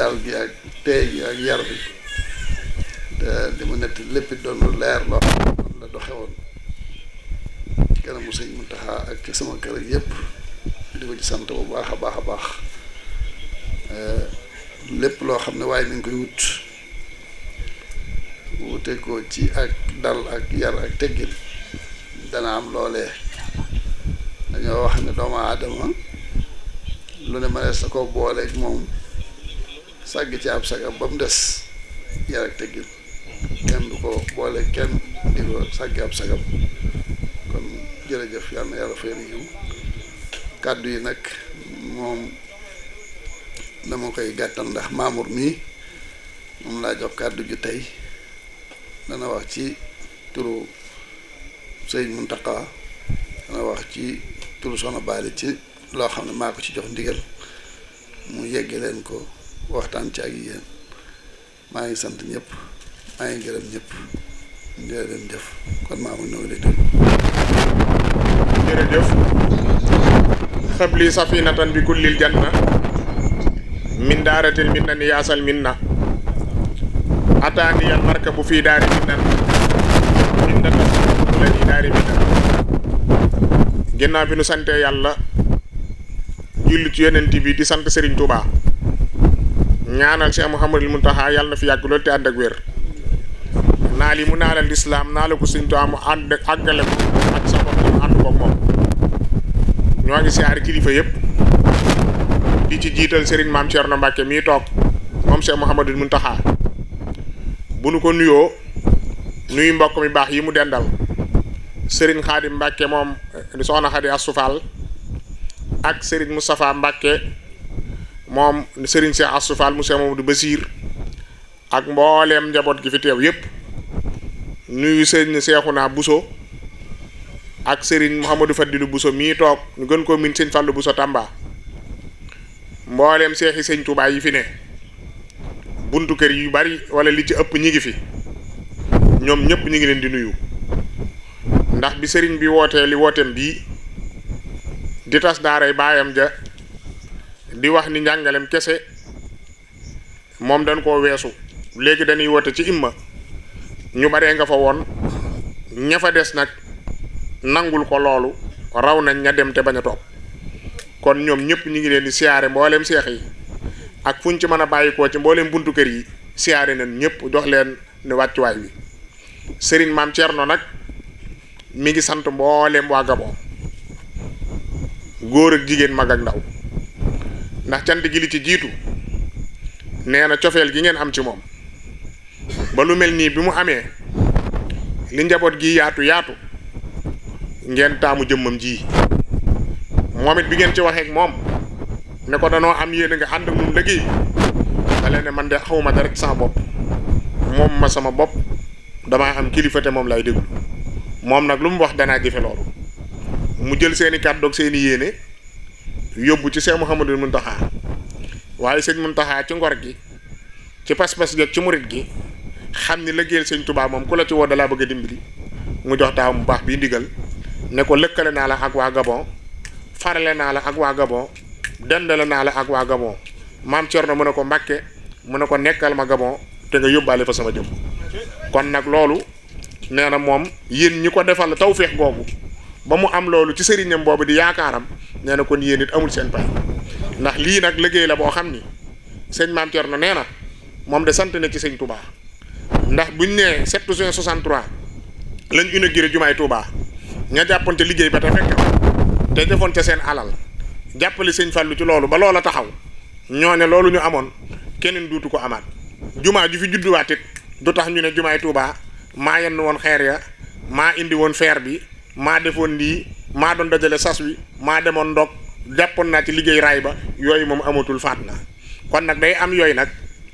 dal gi ak tey gi ak yar bi te li mu nett lépp doon lu leer loo xam la doxe woon kanamu sëñ Muntaxa ak sama kër ak yëpp ci sant bu baax a baax a baax eh, lépp loo xam ne waaye mi koy wut wute ko ci ak dal ak yar ak teggin dana am loolee dañoo wax ne doomu aadama lu ne mënees na ko booleeg moom sàgg ci ab sagam ba mu des yar ak kenn du ko boole kenn di ko sàgg ab sagam kon jërëjëf yal na yàlla kàddu yi nag moom dama koy gàttal ndax Mamour mii moom laa jox kàddu ju tey dana wax ci turu sëñ Muntaqa dana wax ci turu Soxna Bali ci loo xam ne maa ko ci jox ndigal mu yegge leen ko waxtaan ci ak yéen maa ngi sant ñëpp maa ngi gërëm ñëpp jërëjëf kon maa safinatan bi kullil janna min daaratin ni yaasal min ataaniyal marka bu fii daari min na min na la ni daari bi nu sante yàlla julli ci yonent bi di sant Serigne Touba ñaanal Cheikh Mouhamadul Mountakha yàlla na fi yàgg loolu te ànd ak wér naa li mu naalal lislaam naa la ko Sëñ Tuubaa ànd ak sa bopp mu ànd ko moom ñoo ngi siyaar kilifa yëpp di ci jiital Serigne Maam Thierno Mbacke mii toog moom Cheikh bu nu ko nuyoo nuyu mbokk mi baax yi mu dendal Serigne Khadim Mbacke moom di soxna Khady Assoufal ak Serigne Moustapha Mbacke. moom Serigne Cheikh Astou Fall mu Cheikh Mamadou Basir ak mbooleem njaboot gi fi teew yépp nuyu Serigne naa buso ak Serigne Mouhamadou Fadilou Bousso mii toog ñu gën koo min Serigne Fallou Bousso Tamba mbooleem seexi sëñ Touba yi fi ne buntu kër yi bari wala li ci ëpp ñi ngi fi ñoom ñëpp ñu ngi leen di nuyu ndax bi sëriñ bi wootee li wooteem bii di tas daaray baayam ja di wax ni njàngalem kese moom dañ ko weesu léegi dañuy wote ci imma ñu baree nga fa woon ña fa des nag nangul ko loolu raw nañ ña dem te bañ a toog kon ñoom ñëpp ñu ngi leen di siyaare mbooleem seex yi ak fuñ ci mën a bàyyikoo ci mbooleem buntu kër yi siyaare nañ ñëpp jox leen ne wàccuwaay wi sëriñ maam Thierno nag mi ngi sant mbooleem waa Gabon góor ak jigéen mag ak ndaw ndax cant gi li ci jiitu nee na cofeel gi ngeen am ci moom ba lu mel nii bi mu amee li njaboot gi yaatu yaatu ngeen taamu jëmmam ji moom it bi ngeen ci waxeek moom ne ko danoo am yéen nga ànd ak ñun liggéey ne man de xawma dara ci sama bopp moom ma sama bopp damaa am kilifa te moom lay déglu moom nag lu mu wax danaa jëfe loolu mu jël seeni kàddu seeni yéene yóbbu ci Cheikh Mouhamadul Mountakha waaye sëñ taxaa ci ngor gi ci pas-pas gi ak ci murit gi xam ni lëggeel sëñ Touba moom ku la ci woo dalaa bëgg a dimbali mu jox taaw mu baax bii ndigal ne ko lëkkale naa la ak waa Gabon farale naa la ak waa Gabon dendale naa la ak waa Gabon maam na mu ne ko Mbàkke mu ne ko nekkal ma Gabon te nga yóbbaale fa sama jëm kon nag loolu nee na moom yéen ñi ko defal tawféex googu. ba mu am loolu ci sëriñam boobu di yaakaaram nee na kon yéen it amul seen pay ndax lii nag liggéey la boo xam ni sëñ Maam Thierno nee na moom de sant na ci sëñ Touba ndax buñ nee 7 juin 63 lañ inauguré jumaay Touba ña jàppante liggéey ba te te defoon ca seen alal jàppale sëñ Fallou ci loolu ba loola taxaw ñoo ne loolu ñu amoon keneen duutu ko amaat jumaa ju fi judduwaat it du tax ñu ne jumaay tuubaa maa yenn woon xeer ya maa indi woon feer bi. maa defoon lii maa doon dajale sas wi maa demoon ndog jàppoon naa ci liggéey raay ba yooyu moom amatul faat na kon nag day am yooyu nag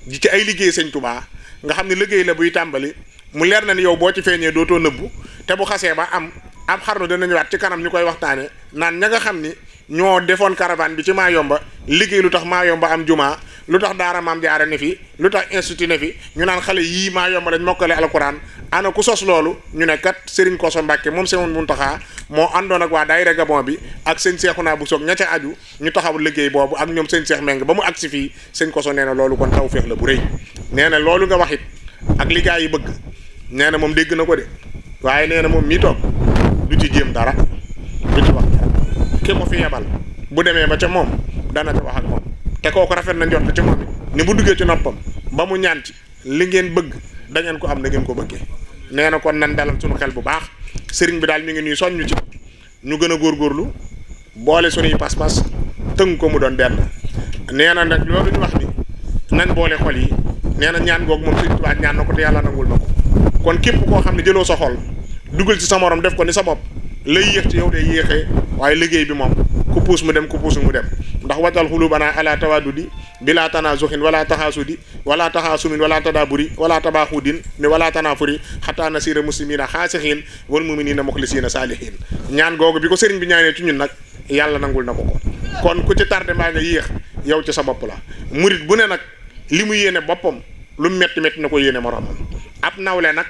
di ci ay liggéey sëñ tubaa nga xam ne liggéey la buy tàmbali mu leer na ni yow boo ci feeñee dootoo nëbbu te bu xasee ba am ab xarnu dana ñëwaat ci kanam ñu koy waxtaanee naan ña nga xam ni ñoo defoon caravane bi ci maa yomba liggéey lu tax maa yomba am jumaa lu tax daara maam jaare ne fi lu tax institut ne fi ñu naan xale yii maa yomb dañ mokkale alquran ana ku sos loolu ñu ne kat Serigne Koso Mbàkke moom Sëñ Muntaxa moo àndoon ak waa daayira Gabon bi ak sëñ naa bu soog ña ca aju ñu taxaw liggéey boobu ak ñoom sëñ Seex Meng ba mu agsi fii sëñ Koso nee na loolu kon taw féex la bu rëy nee na loolu nga wax it ak liggaay yi bëgg nee na moom dégg na ko de waaye nee na moom mii toog du ci jéem dara du ko fi yebal bu demee ba ca moom dana wax ak moom. te kooku rafet na njort ci moom ni bu duggee ci noppam ba mu ñaan ci li ngeen bëgg dangeen ko am na ngeen ko bëggee nee na kon nan dalal suñu xel bu baax sëriñ bi daal mi ngi nuy soññu ci ñu gën a góor góorgóorlu boole suñuy pas-pas tëng ko mu doon benn nee na nag loolu ñu wax ni nañ boole xol yi nee na ñaan googu moom Sëriñ Tuubaa ñaan na ko te yàlla na nangul na ko kon képp koo xam ne jëloo sa xol dugal ci sa morom def ko ni sa bopp lay yéex ci yow day yéexee waaye liggéey bi moom ku mu dem ku puusul mu dem ndax wajal xulubana ala tawadudi bila tanazuhin wala taxaasudi wala taxaasumin wala tadaaburi wala tabaxudin mi wala tanafuri xataa a muslimina xaasixin wal muminina muxlisina saalihin ñaan googu bi ko sëriñ bi ñaanee ci ñun nag yàlla nangul na ko ko kon ku ci tardé mbaa nga yéex yow ci sa bopp la murit bu ne nag li mu yéene boppam lu metti metti na ko yéene moromam ab nawle nag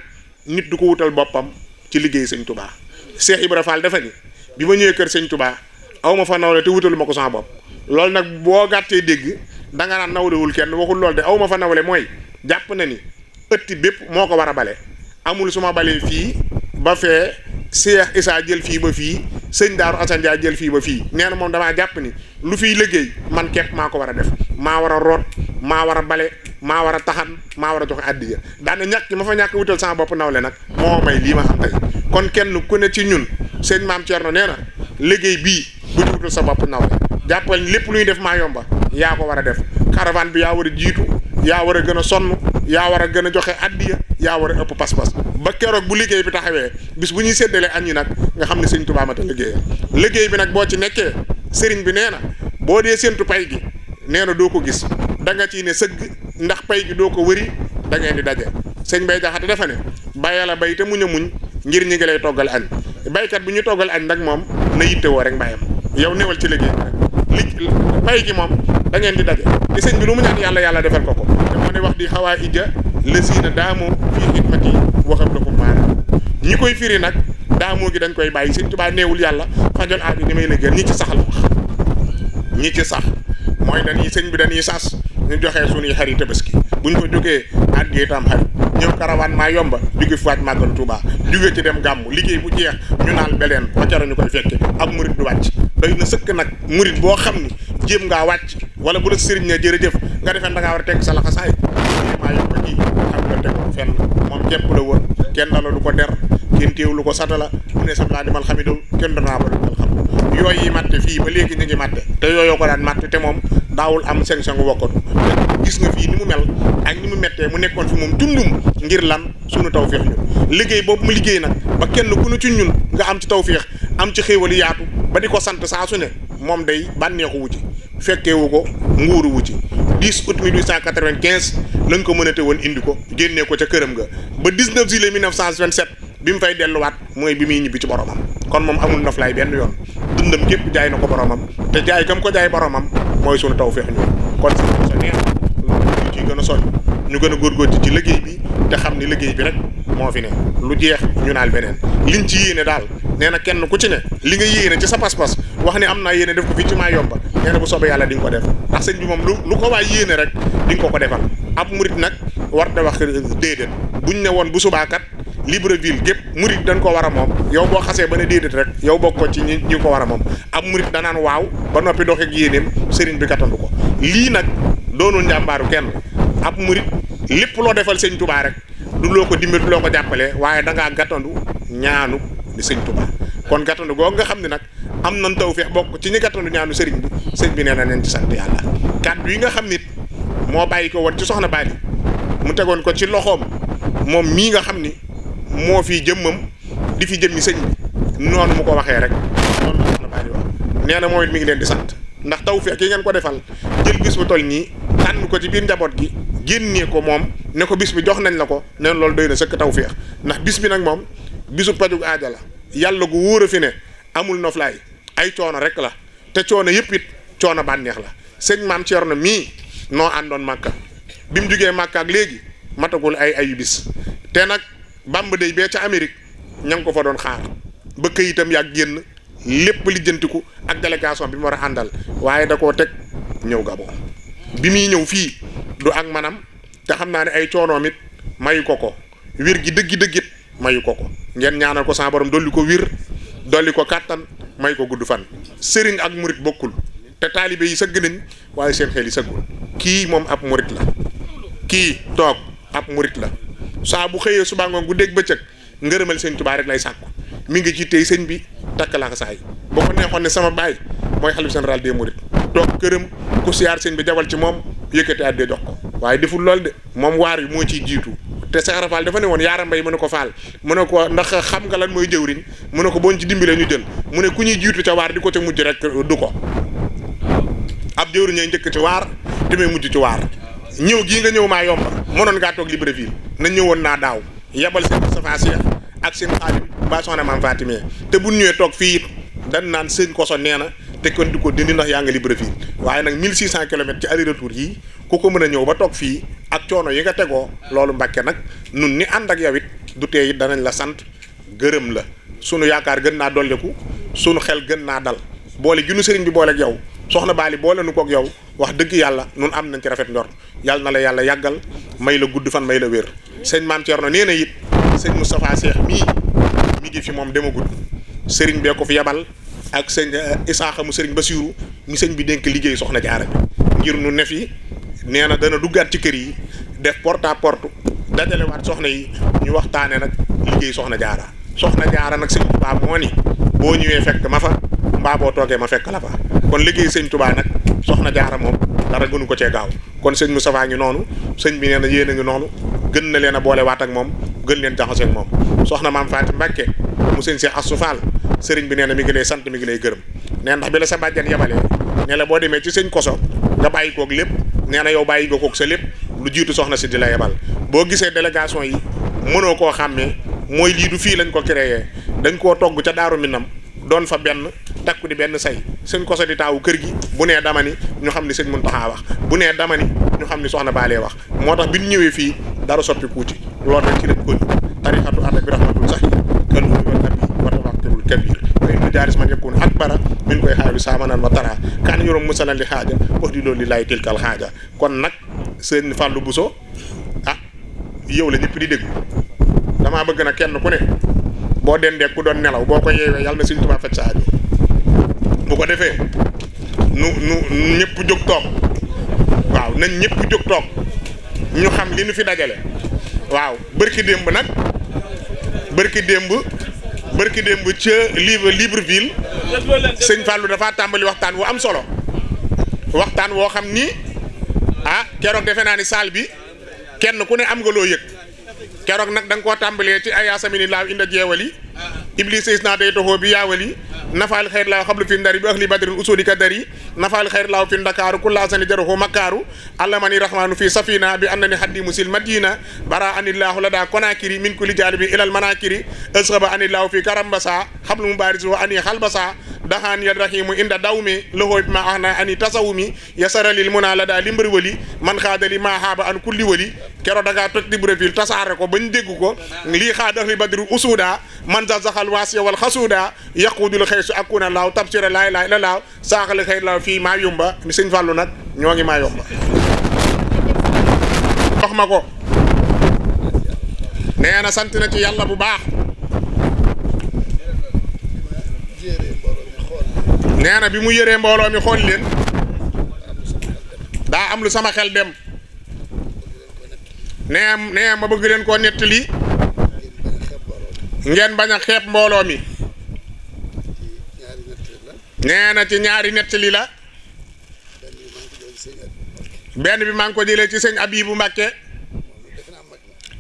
nit du ko wutal boppam ci liggéey sëñ tubaa Cheikh Ibra Fall dafa ni ñëwee kër sëñ tubaa aw ma fa nawle te wutalu ma ko sama bopp loolu nag boo gàttee dégg da nga naan nawlewul kenn waxul loolu de aw ma fa nawle mooy jàpp na ni ëtti bépp moo ko war a bale amul su ma balee fii ba fee Seex Isaa jël fii ba fii sëñ Daaru Asan jël fii ba fii nee na moom damaa jàpp ni lu fiy liggéey man képp maa ko war a def maa war a root maa war a bale maa war a taxan maa war a joxe àddiya daane ñàkk ma fa ñàkk wutal sama bopp nawle nag moo may lii ma xam tey kon kenn ku ne ci ñun sëñ maam Thierno nee na liggéey bii bu ñu wutal sa bopp nawle jàppal lépp luy def maa yomba yaa ko war a def caravane bi yaa war a jiitu yaa war a gën a sonn yaa war a gën a joxe addiya yaa war a ëpp pas-pas ba keroog bu liggéey bi taxawee bis bu ñuy séddalee añ yi nag nga xam ne sëñ Tuubaa liggéey bi nag boo ci nekkee sëriñ bi nee na boo dee séntu pay gi nee na doo ko gis da nga ne sëgg ndax pay gi doo ko wëri da ngeen di daje sëñ bay jaxate dafa ne bàyyi la bay te muñ a muñ ngir ñi lay toggal añ baykat bu ñu toggal añ nag moom na yittewoo rek mbayam yow newal ci liggéey bi li pay gi moom da ngeen di daje te sëñ bi lu mu ñaan yàlla yàlla defal ko ko te moo ne wax di xawaa ija lësiina daamu fii xidmati waxam la ko maanaam ñi koy firi nag daamoo gi dañ koy bàyyi sëñ Tuubaa neewul yàlla fajoon aadi ni may la gën ñi ci sax la wax ñi ci sax mooy dañuy sëñ bi dañuy sas ñu joxe suñuy xari ki bu ñu ko jógee at tam itam xarit ñëw karawaan maa yomba jóge faaj màggal Tuuba jóge ci dem gàmmu liggéey bu jeex ñu naan beleen waccaru ñu koy fekke ak murit du wàcc doy na sëkk nag murit boo xam ni jéem ngaa wàcc wala bu la sëriñ ne jërëjëf nga defee da ngaa war a teg sa laxasaay maa yomba ji xam nga teg fenn moom képp la woon kenn la du ko der kenn teewlu ko satala mu ne sab laa dimal xamidu kenn danaa ba dal xam yooyu yi matte fii ba léegi ñu ngi matte te yooyoo ko daan matte te moom daawul am seng-sengu wokkatu gis nga fii ni mu mel ak ni mu mettee mu nekkoon fi moom tundum ngir lan suñu taw feex ñun liggéey boobu mu liggéey nag ba kenn ku ne ci ñun nga am ci taw feex am ci xéewal yaatu ba di ko sant saa su ne moom day bànneexu wu ci fekkee wu ko nguuru wu ci 10 août 1895 ko mën a woon indi ko génnee ko ca këram ga ba 19 juillet 1927 bi mu fay delluwaat mooy bi muy ñibbi ci boromam kon moom amul noflaay benn yoon dundam gépp jaay na ko boromam te jaay gam ko jaay boromam mooy sunu taw feex kon si sa neex ñu gën a soñ ñu gën a góorgóorlu ci liggéey bi te xam ni liggéey bi rek moo fi ne lu jeex ñu naal beneen li liñ ci yéene daal nee na kenn ku ci ne li nga yéene ci sa pas-pas wax ne am naa yéene def ko fii ci maa yomba nee bu soobee yàlla di ko def ndax sëñ bi moom lu lu ko waay yéene rek di ko ko defal ab murit nag war da wax déedéet buñ ne woon bu subaakat Libreville gépp murit dañ ko war a moom yow boo xasee ba ne déedéet rek yow bokk ko ci ñi ñi ko war a moom ab murit danaan waaw ba noppi doxe ak yéeneem sëriñ bi katandu ko lii nag doonul njàmbaaru kenn ab murit lépp loo defal sëñ tubaa rek du loo ko dimbali loo ko jàppale waaye da gattandu ñaanu di sëñ tubaa kon gàttandu googu nga xam ne nag am nañ tawfeex bokk ci ñi gàttandu ñaanu sëriñ bi sëñ bi nee na leen ci sant yàlla kàddu yi nga xam nit moo bàyyi ko woon ci soxna Bali mu tegoon ko ci loxoom moom mii nga xam ni moo fi jëmmam di fi jëmmi sëñ bi noonu mu ko waxee rek noonu nee na moom it mi ngi leen di sant ndax tawfeex yi ngeen ko defal jël bis bu toll nii tànn ko ci biir njaboot gi génnee ko moom ne ko bis bi jox nañ la ko nee loolu doy na sëkk tawfeex ndax bis bi nag moom bisu pajug aajala yàlla gu wóor a fi ne amul noflaay ay coono rek la te coono yëpp it coono bànneex la sëñ maam na mii noo àndoon màkka bi mu jugee màkka ak léegi matagul ay ayu bis te bamba day bee ca Amérique ña ngi ko fa doon xaar ba këyitam yàgg génn lépp lijjantiku ak délégation bi mu war a àndal waaye da koo teg ñëw Gabon bi muy ñëw fii du ak manam te xam naa ne ay coonoom it mayu ko ko wir gi dëggi dëggit mayu ko ko ngeen ñaanal ko sa borom dolli ko wir dolli ko kàttan may ko gudd fan sëriñ ak murit bokkul te taalibe yi sëgg nañ waaye seen xel yi sëggul kii moom ab murit la kii toog ab murit la saa bu xëyee suba ngoon gu dégg bëccëg ngërëmal sëñ tubaa rek lay sàkku mi ngi ci tey sëñ bi takk laa saa yi boo ko neexoon ne sama baay mooy xalif général des mourides toog këram ku siyaar sëñ bi jabal ci moom yëkkati àddee jox ko waaye deful lool de moom waar yi moo ciy jiitu te Seex Faal dafa ne woon yaara mbay mu ne ko faal mu ne ko ndax xam nga lan mooy jëwriñ mu ne ko boon ci dimbilee ñu jël mu ne ku ñuy jiitu ca waar di ko ca mujj rek du ko ab jëwriñ ñooy njëkk ci ñëw gii nga ñëw maa moo mënoon ngaa toog Libreville na ñëwoon naa daaw yabal seen Moustapha Cheikh ak seen xaalim ba soxna maam Fatimé te bu ñëwee toog fii it dañ naan sëñ koso nee na te ko di ko dindi ndax yaa nga Libreville waaye nag 1600 kilomètres ci aller retour yi ku ko mën a ñëw ba toog fii ak coono yi nga tegoo loolu Mbàkke nag nun ni ànd ak yow it du tee it danañ la sant gërëm la sunu yaakaar gën naa dolliku sunu xel gën naa dal boole gi nu sëriñ bi boole ak yow soxna Bali boole nu kook yow wax dëgg yàlla nun am nañ ci rafet njort yàlla na la yàlla yàggal may la gudd fan may la wér sëñ Maam Thierno na na it sëñ Moustapha Seex mii mi ngi fi moom demagul sëriñ bee ko fi yabal ak sëñ eh, Isaaxa mu ba Basiiru mi sëñ bi dénk liggéey soxna jaara bi ngir nu ne fi nee na dana duggaat ci kër yi def porte à porte dajalewaat soxna yi ñu waxtaane nag liggéey soxna jaara soxna jaara nag sëñ Tuubaa moo ni boo ñëwee fekk ma fa mbaa boo toogee ma fekk la fa kon liggéey sëñ Tuubaa nag soxna jaara dara ko cee gaaw kon sëñ Moustapha ngi noonu sëñ bi nee na yéen a ngi noonu gën na leen a boole waat ak moom gën leen jaxase ak moom soxna maam Faati Mbàkke mu sëñ si Astu Faal sëriñ bi nee na mi ngi lay sant mi ngi lay gërëm nee ndax bi la sa bàjjan yebalee ne la boo demee ci sëñ koso nga bàyyi koog lépp nee na yow bàyyi nga koog sa lépp lu jiitu soxna si di la yebal boo gisee délégation yi mënoo koo xàmmee mooy lii du fii lañ ko créé dañ koo togg ca daaru minam doon fa benn takku di benn say sëñ koso di taawu kër gi bu nee dama ni ñu xam ni sëñ Muntaxa wax bu nee dama ni ñu xam ni soxna baalee wax moo tax bi ñu ñëwee fii dara soppi kuuti loolu rek ci lañ ko tarixatu ànd bi rahmatul sax kër lu wal nabi wa tawakkul kabir koy xaalu saamanan wa tara kaan yorom musalan li xaaja wax di loolu li laay tilkal xaaja kon nag sëñ Fallou Bousso ah yow la ñëpp di déglu damaa bëgg na kenn ku ne boo dendee ku doon nelaw boo ko yeewee yàlla na sëñ Tuubaa faj sa aajo bu ko defee nu nu ñëpp jóg toog waaw nañ ñëpp jóg toog ñu xam li nu fi dajale waaw bërki démb nag bërki démb bërki démb ca livre Libreville sëñ Fallou dafa tàmbali waxtaan wu am solo waxtaan woo xam ni ah keroog defe naa ni salle bi kenn ku ne am nga loo yëg keroog nag da nga koo tàmbalee ci ay yaasamini laaw inda jeewali iblis is naa day toxoo bi yaawali nafaali xayr laaw xablu fi ndari bi ahli badrin usuli ka dari nafaali xayr laaw fi ndakaaru ku laasani jaruhu makkaaru allamani rahmanu fi safina bi annani haddi musil madina bara anillahu lada konakiri min kulli jaalibi ilal manakiri asxaba anillahu fi karambasa xablu mubaris wa ani xalbasa daxaan rahimu inda dawmi loxoo ma ahna ani tasawumi yasaralil muna lada limbër wali man xaadali ma haaba an kulli wali kero da ngaa toj Libreville tasaare ko bañ dégg ko lii xaadax li badru usuuda man za zaxal waasiya wal xasuuda yaqudul xëy su akuna laaw tabsira laay laay la laaw saaxali xëy laaw fii maa yumba ni sëñ Fallou nag ñoo ngi maa yomba dox ma ko nee na sant na ci yàlla bu baax nee na bi mu yëree mbooloo mi xool leen daa am lu sama xel dem nee nee ma bëgg leen koo nettali ngeen bañ a xeeb mbooloo mi nee na ci ñaari nettali la benn bi maa ngi ko jëlee ci sëñ Abibu Mbàkke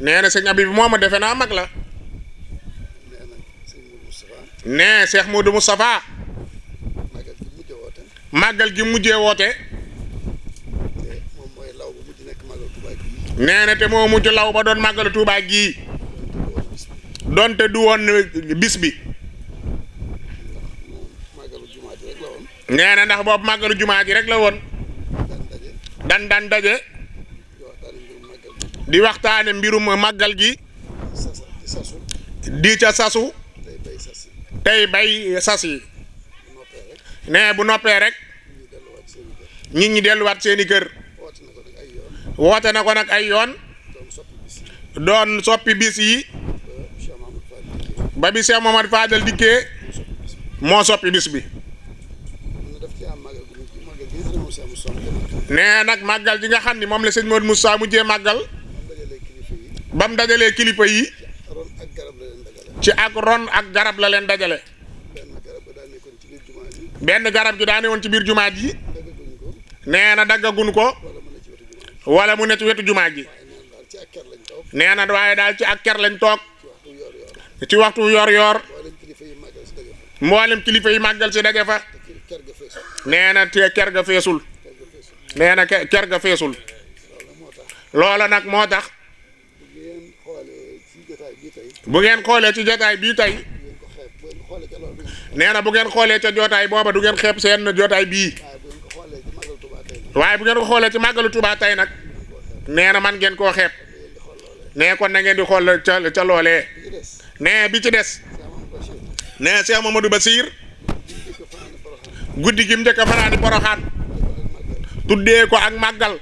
nee na sëñ Abibu moom defe naa mag la nee Cheikh Modou Moustapha màggal gi mujjee woote. nee na te moo mujj law ba doon màggalu Tuubaa gii donte du woon bis bi nee ndax boobu màggalu jumaa ji rek la woon dan dan daje di waxtaane mbirum màggal gi di ca sasu tey bay sas yi nee bu noppee rek nit ñi delluwaat seeni kër woote na ko nag ay yoon doon soppi bis yi ba bi Cheikh Mamadou Fadel dikkee moo soppi bis bi nee nag màggal ji nga xam ni moom la sëñ Modou Moussa mujjee màggal ba mu dajalee kilifa yi ci ak ron ak garab la leen dajale benn garab gi daane woon ci biir jumaat yi nee daggagun ko wala mu ne ci wetu jumaa ji nee na waaye daal ci ak ker lañ toog ci waxtu yor-yor mboolem kilifa yi màggal si daje fa nee na te ker ga feesul nee ker ga feesul loola nag moo tax bu ngeen xoolee ci jotaay bii tey nee na bu ngeen xoolee ca jotaay booba du ngeen xeeb seen jotaay bii. waaye bu ngeen ko xoolee ci màggalu Touba tey nag nee na man ngeen koo xeeb nee kon na ngeen di xool ca ca loolee nee bi ci des nee Cheikh ba Bassir guddi gi mu njëkk a fanaani Poroxaan tuddee ko ak màggal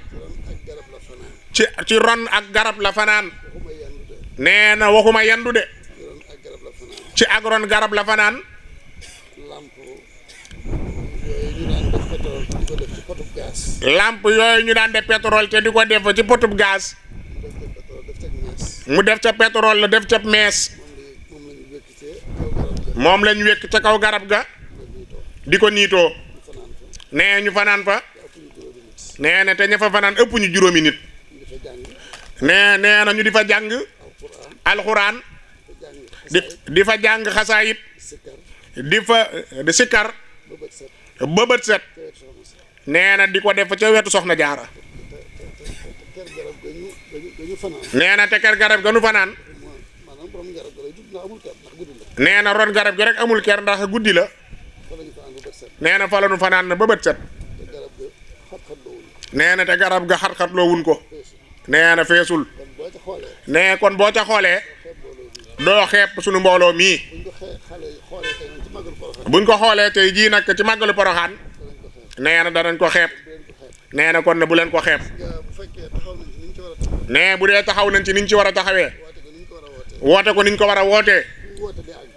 ci ci ron ak garab la fanaan nee na waxuma yendu de ci ak ron garab la fanaan làmp yooyu ñu daan def pétrole te di ko def ci potub gaas mu def ca pétrole la def ca mees moom lañu wékk ca kaw garab ga di ko niitoo nee ñu fanaan fa nee na te ña fa fanaan ëpp ñu juróomi nit nee nee na ñu di fa jàng alxuraan di fa jàng xasaayit di fa di sikkar ba bët set nee na di ko def ca wetu soxna jaara nee na te ker garab ga nu fanaan nee na ron garab gi rek amul ker ndax guddi la nee na fanaan na ba bët set nee te garab ga xat-xat wun ko nee feesul nee kon boo ca xoolee doo xeeb sunu mbooloo mii buñ ko xoolee tey jii nag ci màggalu poroxaan nee na danañ ko xeeb nee na kon ne bu leen ko xeeb nee bu dee taxaw nañ ci niñ ci war a taxawee woote ko niñ ko war a wootee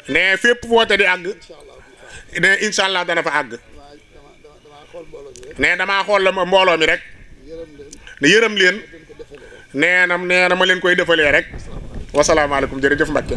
nee fépp woote di àgg ne incha allah dana fa àgg nee dama xool la mbooloo mi rek yërëm leen nee na nee na ma leen koy defalee rek wasalaamaaleykum jërëjëf Mbacke.